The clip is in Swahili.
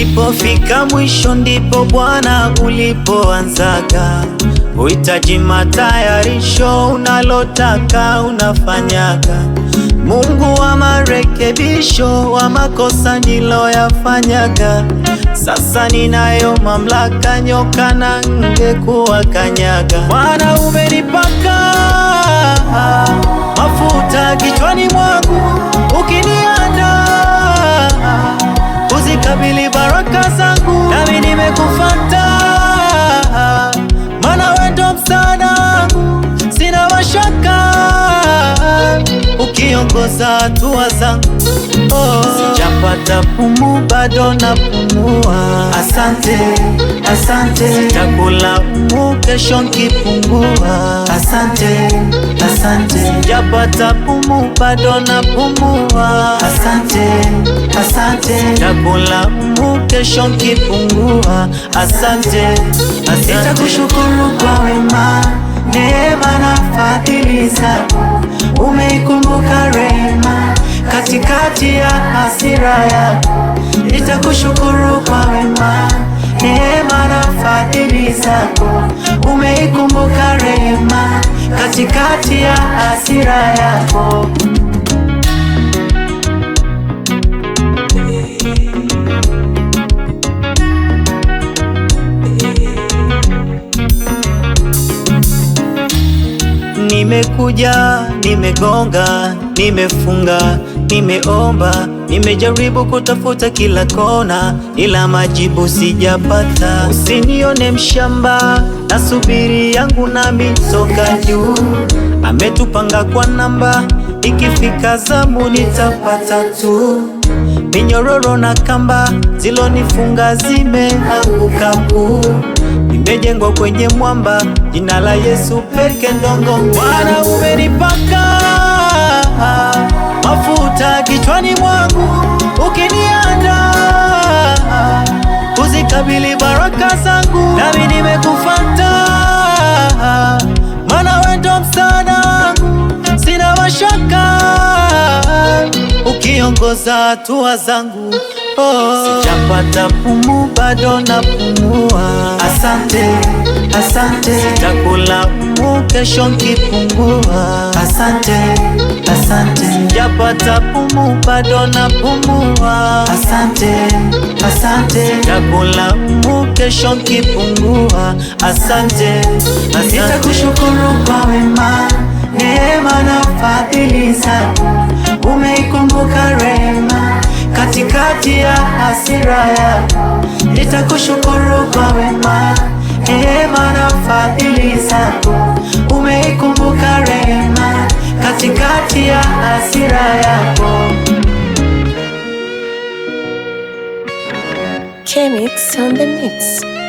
Ulipofika mwisho ndipo Bwana ulipoanzaga, uhitaji matayarisho, unalotaka unafanyaga. Mungu wa marekebisho, wa makosa niloyafanyaga, sasa ninayo mamlaka, nyoka na nge kuwakanyaga. Bwana umenipaka Jabili baraka zangu, nami nimekufata, mana wendo ndo msaada wangu, sina mashaka, ukiongoza hatua zangu. Oh. sijapata pumu, bado napumua. Asante, asante, sitakula pumu, kesho nkipungua. Asante, asante, sijapata pumu, bado napumua. Asante asante, chakula kesho kipungua, asante, nitakushukuru kwa wema, neema na fadhili zako, umeikumbuka rehema katikati ya hasira yako, nitakushukuru kwa wema, neema na fadhili zako, umeikumbuka rehema katikati ya hasira yako Nimekuja, nimegonga, nimefunga, nimeomba, nimejaribu kutafuta kila kona, ila majibu sijapata. Usinione mshamba, nasubiri yangu nami toka juu. Ametupanga kwa namba, ikifika zamu nitapata tu. Minyororo na kamba zilonifunga zimeanguka kuu Nimejengwa kwenye mwamba, jina la Yesu peke ndongo. Bwana umenipaka mafuta kichwani mwangu, ukinianda kuzikabili baraka zangu, nami nimekufata, maana wewe ndo wangu, sina mashaka ukiongoza hatua zangu. Oh, sijapata pumu, bado napumua Asante, asante. Sitakulaumu kesho nikipungua. Asante, asante. Sijapata pumu bado napumua. Asante, asante. Sitakulaumu kesho nikipungua. Asante, asante. Nitakushukuru kwa wema, neema na fadhili zako. Umeikumbuka rehema katikati ya hasira yako. Nitakushukuru kwa wema, neema na fadhili zako. Umeikumbuka rehema katikati ya hasira yako. Chemix on the mix.